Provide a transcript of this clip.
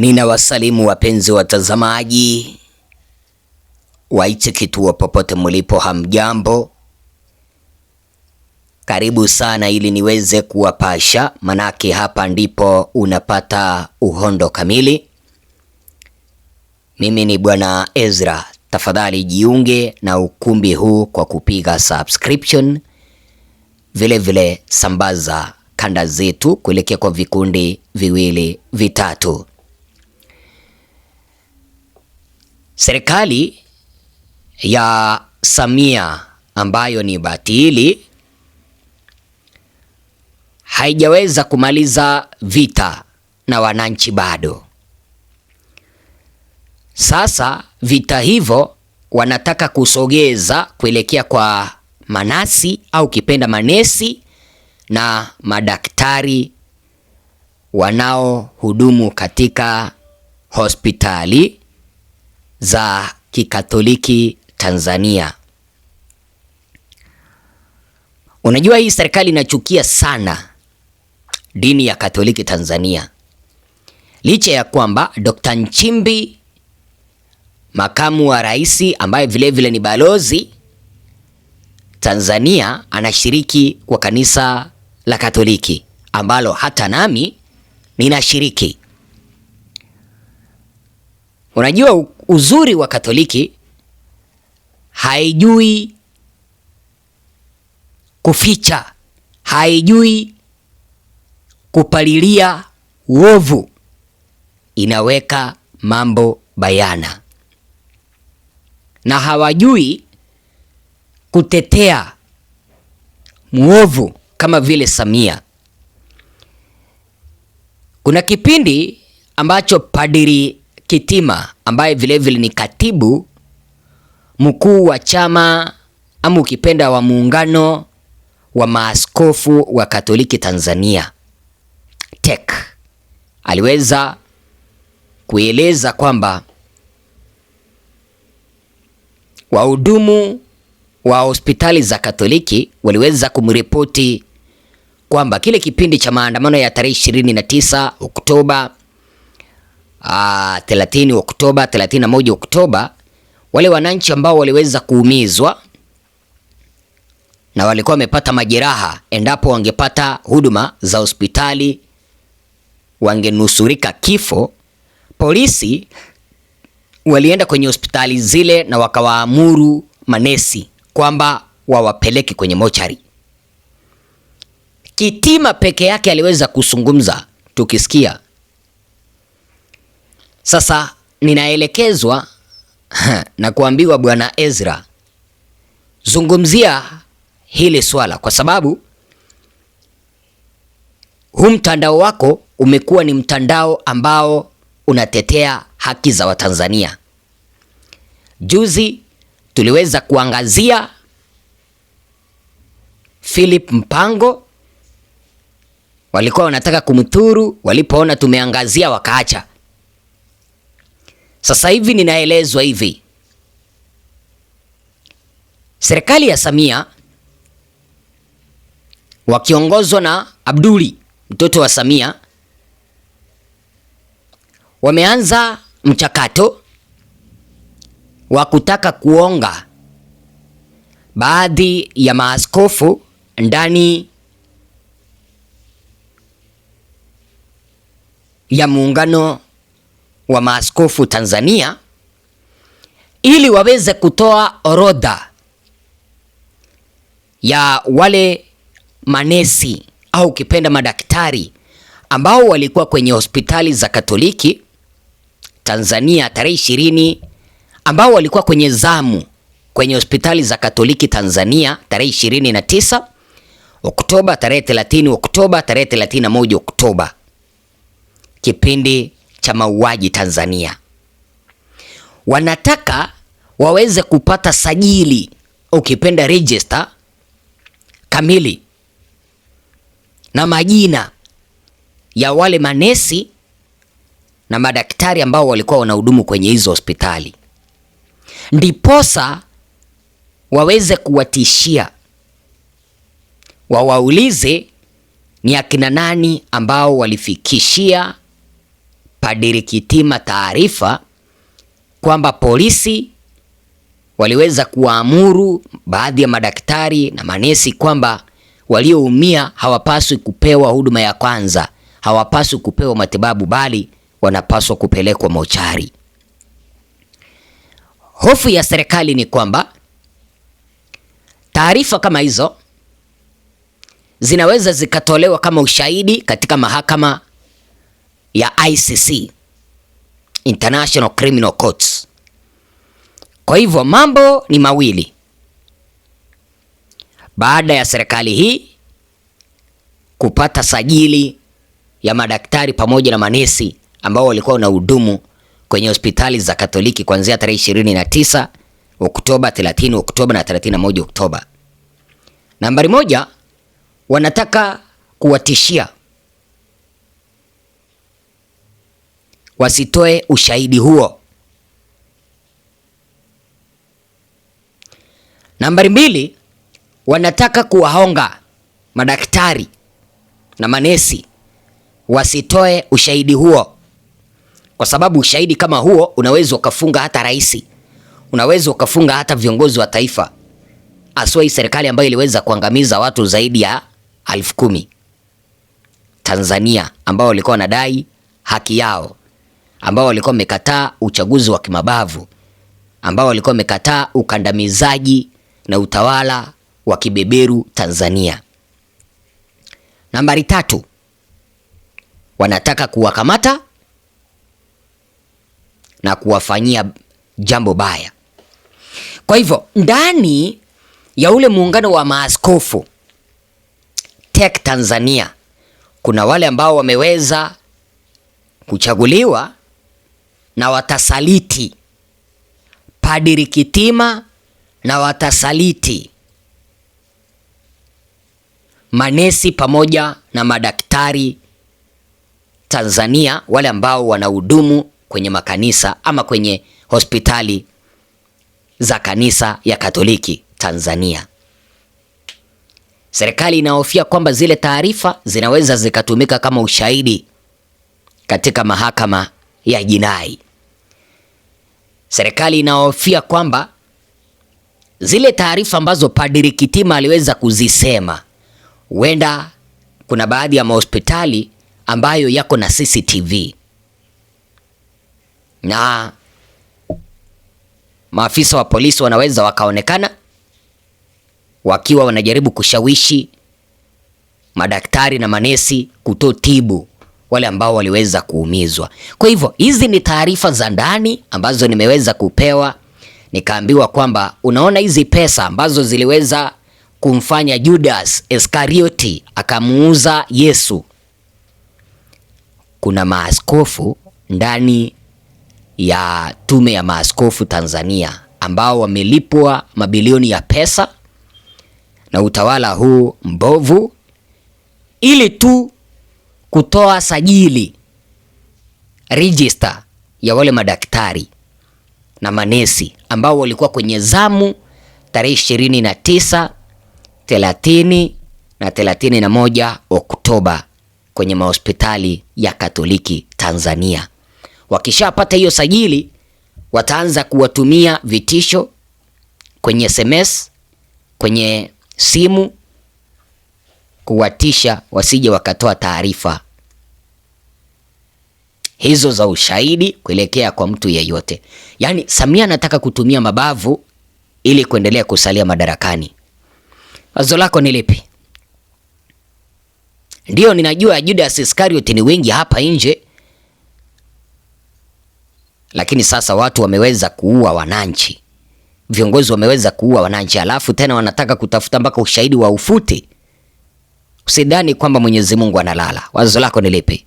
Ninawasalimu wapenzi watazamaji wa kituo popote mlipo, hamjambo? Karibu sana ili niweze kuwapasha, manake hapa ndipo unapata uhondo kamili. Mimi ni Bwana Ezra. Tafadhali jiunge na ukumbi huu kwa kupiga subscription, vile vile sambaza kanda zetu kuelekea kwa vikundi viwili vitatu. Serikali ya Samia ambayo ni batili haijaweza kumaliza vita na wananchi bado. Sasa vita hivyo wanataka kusogeza kuelekea kwa manasi au kipenda manesi na madaktari wanaohudumu katika hospitali za Kikatoliki Tanzania. Unajua hii serikali inachukia sana dini ya Katoliki Tanzania. Licha ya kwamba Dr. Nchimbi makamu wa rais ambaye vilevile vile ni balozi Tanzania anashiriki kwa kanisa la Katoliki ambalo hata nami ninashiriki. Unajua uzuri wa Katoliki haijui kuficha, haijui kupalilia uovu, inaweka mambo bayana, na hawajui kutetea mwovu kama vile Samia. Kuna kipindi ambacho padiri Kitima ambaye vilevile ni katibu mkuu wa chama ama ukipenda wa muungano wa maaskofu wa Katoliki Tanzania TEC aliweza kueleza kwamba wahudumu wa hospitali za Katoliki waliweza kumripoti kwamba kile kipindi cha maandamano ya tarehe 29 Oktoba 30 ah, Oktoba, 31 Oktoba, wale wananchi ambao waliweza kuumizwa na walikuwa wamepata majeraha, endapo wangepata huduma za hospitali wangenusurika kifo. Polisi walienda kwenye hospitali zile na wakawaamuru manesi kwamba wawapeleke kwenye mochari. Kitima peke yake aliweza kuzungumza, tukisikia sasa ninaelekezwa na kuambiwa Bwana Ezra, zungumzia hili swala kwa sababu huu mtandao wako umekuwa ni mtandao ambao unatetea haki za Watanzania. Juzi tuliweza kuangazia Philip Mpango, walikuwa wanataka kumthuru, walipoona tumeangazia wakaacha. Sasa hivi ninaelezwa hivi, serikali ya Samia wakiongozwa na Abduli mtoto wa Samia wameanza mchakato wa kutaka kuonga baadhi ya maaskofu ndani ya muungano wa maaskofu Tanzania ili waweze kutoa orodha ya wale manesi au ukipenda madaktari ambao walikuwa kwenye hospitali za Katoliki Tanzania tarehe ishirini ambao walikuwa kwenye zamu kwenye hospitali za Katoliki Tanzania tarehe ishirini na tisa Oktoba, tarehe 30 Oktoba, tarehe 31 Oktoba, kipindi cha mauaji Tanzania. Wanataka waweze kupata sajili, ukipenda register kamili na majina ya wale manesi na madaktari ambao walikuwa wanahudumu kwenye hizo hospitali, ndiposa waweze kuwatishia, wawaulize ni akina nani ambao walifikishia Padri Kitima taarifa kwamba polisi waliweza kuwaamuru baadhi ya madaktari na manesi kwamba walioumia hawapaswi kupewa huduma ya kwanza, hawapaswi kupewa matibabu, bali wanapaswa kupelekwa mochari. Hofu ya serikali ni kwamba taarifa kama hizo zinaweza zikatolewa kama ushahidi katika mahakama ya ICC, International Criminal Courts. Kwa hivyo mambo ni mawili. Baada ya serikali hii kupata sajili ya madaktari pamoja na manesi ambao walikuwa wanahudumu kwenye hospitali za Katoliki kuanzia tarehe 29 Oktoba, 30 Oktoba na 31 Oktoba. Nambari moja, wanataka kuwatishia wasitoe ushahidi huo. Nambari mbili, wanataka kuwahonga madaktari na manesi wasitoe ushahidi huo, kwa sababu ushahidi kama huo unaweza ukafunga hata rais, unaweza ukafunga hata viongozi wa taifa, aswa hii serikali ambayo iliweza kuangamiza watu zaidi ya elfu kumi Tanzania ambao walikuwa wanadai haki yao ambao walikuwa wamekataa uchaguzi wa kimabavu, ambao walikuwa wamekataa ukandamizaji na utawala wa kibeberu Tanzania. Nambari tatu, wanataka kuwakamata na kuwafanyia jambo baya. Kwa hivyo ndani ya ule muungano wa maaskofu TEC Tanzania kuna wale ambao wameweza kuchaguliwa na watasaliti, Padri Kitima na watasaliti, manesi pamoja na madaktari Tanzania, wale ambao wanahudumu kwenye makanisa ama kwenye hospitali za kanisa ya Katoliki Tanzania. Serikali inahofia kwamba zile taarifa zinaweza zikatumika kama ushahidi katika mahakama ya jinai serikali inahofia kwamba zile taarifa ambazo Padri Kitima aliweza kuzisema, huenda kuna baadhi ya mahospitali ambayo yako na CCTV na maafisa wa polisi wanaweza wakaonekana wakiwa wanajaribu kushawishi madaktari na manesi kutotibu wale ambao waliweza kuumizwa. Kwa hivyo hizi ni taarifa za ndani ambazo nimeweza kupewa, nikaambiwa kwamba unaona, hizi pesa ambazo ziliweza kumfanya Judas Iskarioti akamuuza Yesu, kuna maaskofu ndani ya tume ya maaskofu Tanzania ambao wamelipwa mabilioni ya pesa na utawala huu mbovu ili tu kutoa sajili register ya wale madaktari na manesi ambao walikuwa kwenye zamu tarehe 29, 30 na 31 Oktoba kwenye mahospitali ya Katoliki Tanzania. Wakishapata hiyo sajili, wataanza kuwatumia vitisho kwenye SMS, kwenye simu kuwatisha wasije wakatoa taarifa hizo za ushahidi kuelekea kwa mtu yeyote. Yaani Samia anataka kutumia mabavu ili kuendelea kusalia madarakani. Wazo lako ni lipi? Ndio, ninajua Judas Iscariot ni wengi hapa nje, lakini sasa watu wameweza kuua wananchi, viongozi wameweza kuua wananchi, alafu tena wanataka kutafuta mpaka ushahidi wa ufuti. Usidhani kwamba Mwenyezi Mungu analala. Wazo lako ni lipi?